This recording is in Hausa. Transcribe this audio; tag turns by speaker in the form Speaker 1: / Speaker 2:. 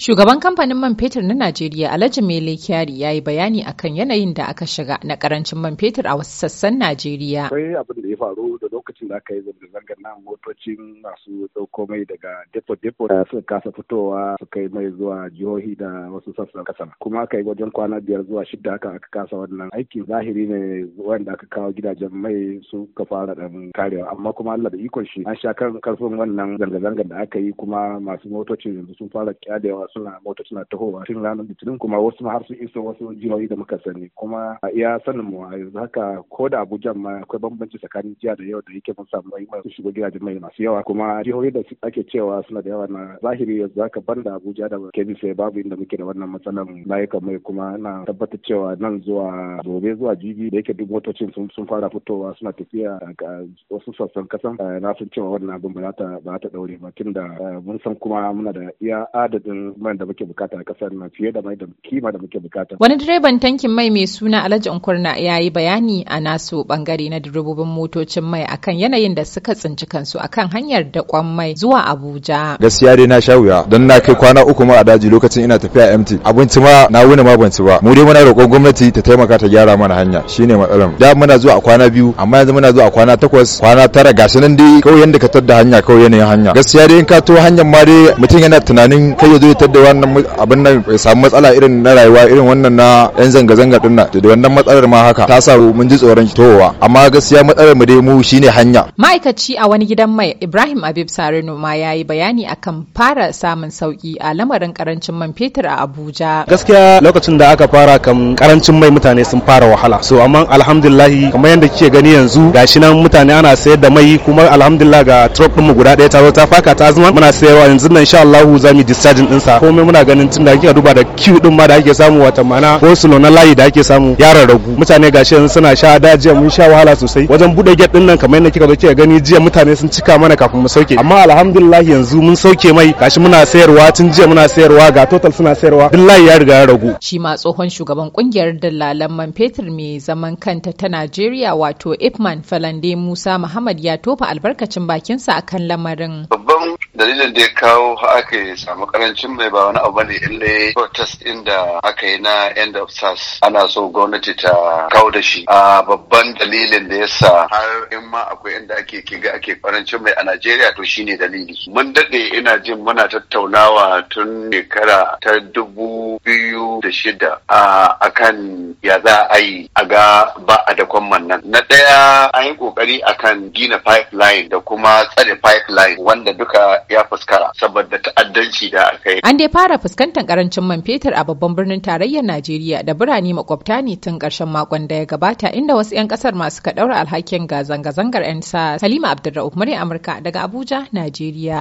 Speaker 1: Shugaban kamfanin man fetur na Najeriya Alhaji Mele Kyari ya yi bayani akan yanayin da aka shiga na karancin man fetur a wasu sassan Najeriya.
Speaker 2: Akwai abin faru da lokacin da aka yi zanga-zangar nan motocin masu ɗauko mai daga depo-depo da suka kasa fitowa su kai mai zuwa jihohi da wasu sassan kasar kuma aka yi wajen kwana biyar zuwa shida haka aka kasa wannan aikin zahiri ne wanda aka kawo gidajen mai su ka fara dan karewa amma kuma Allah da ikon shi an sha kan karfin wannan zanga zanga da aka yi kuma masu motocin yanzu sun fara kyadewa suna motocin na tahowa tun ranar litinin kuma wasu har su iso wasu jihohi da muka sani kuma iya sanin mu a yanzu haka ko da Abuja ma akwai bambanci tsakanin tsakanin jiya da yau da yake mun samu rahimar mai shigo gidajen mai masu yawa kuma jihohi da ake cewa suna da yawa na zahiri yanzu zaka banda Abuja da Kebbi sai babu inda muke da wannan matsalar layukan mai kuma na tabbatar cewa nan zuwa gobe zuwa jibi da yake duk motocin sun fara fitowa suna tafiya ga wasu sassan kasan eh, na san cewa wannan abin ba ta ba ta daure ba tunda eh, mun san kuma muna da iya adadin mai da muke bukata a kasar na fiye da mai da kima da muke bukata. Wani
Speaker 1: direban tankin mai mai suna Alhaji Nkurna ya yi bayani a nasu bangare na direbobin moto motocin mai akan yanayin da suka tsinci kansu akan hanyar da kwan mai zuwa Abuja.
Speaker 3: Gaskiya dai na sha wuya don na kai kwana uku ma a daji lokacin ina tafiya MT. Abinci ma na wuni ma ban ci ba. Mu dai muna roƙon gwamnati ta taimaka ta gyara mana hanya shine matsalar. Da muna zuwa a kwana biyu amma yanzu muna zuwa a kwana takwas kwana tara gashi nan dai kawai yanda ka tadda hanya kawai yanayin hanya. Gaskiya dai in ka to hanyar ma dai mutum yana tunanin kai ya zo ya tadda wannan abin nan ya samu matsala irin na rayuwa irin wannan na yan zanga-zanga din nan. Da wannan matsalar ma haka ta sa mun ji tsoron towa amma gaskiya matsalar mu dai mu shine hanya
Speaker 1: ma'aikaci a wani gidan mai Ibrahim Abib Sarino ma ya yi bayani akan fara samun sauki a lamarin karancin man fetur a Abuja
Speaker 4: gaskiya lokacin da aka fara kam karancin mai mutane sun fara wahala so amma alhamdulillah kamar yadda kike gani yanzu gashi nan mutane ana sayar da mai kuma alhamdulillah ga truck din mu guda ɗaya ta zo ta faka ta zama muna sayarwa yanzu nan insha Allah za mu discharge din sa komai muna ganin tunda kike duba da Q din ma da ake samu wata mana ko sulo na layi da ake samu ya ragu mutane gashi yanzu suna sha dajiya mun sha wahala sosai wajen buɗe. get din nan kamar yadda kika zo kika gani jiya mutane sun cika mana kafin mu sauke amma alhamdulillah yanzu mun sauke mai gashi muna sayarwa tun jiya muna sayarwa ga total suna sayarwa billahi ya riga ya ragu
Speaker 1: shi ma tsohon shugaban kungiyar dillalan man fetur mai zaman kanta ta Najeriya wato Ipman Falande Musa Muhammad ya tofa albarkacin bakinsa akan lamarin
Speaker 5: dalilin da ya kawo aka samu karancin mai ba wani abu bane ille protest din da aka yi na end of sars ana so gwamnati ta kawo da shi a babban dalilin da yasa har in ma akwai inda ake kiga ake karancin mai a Najeriya to shine dalili mun dade ina jin muna tattaunawa tun shekara ta dubu biyu da shida a akan ya za a yi a ga ba a da kwamman nan. Na ɗaya an yi ƙoƙari a kan gina pipeline da kuma tsare pipeline wanda duka ya fuskara saboda ta'addanci da aka yi. An
Speaker 1: dai fara fuskantar karancin man fetur a babban birnin tarayyar Najeriya da birane makwabta ne tun ƙarshen makon da ya gabata inda wasu 'yan ƙasar masu ka ɗaura alhakin ga zanga-zangar 'yan sa Salima murya Amurka daga Abuja, Najeriya.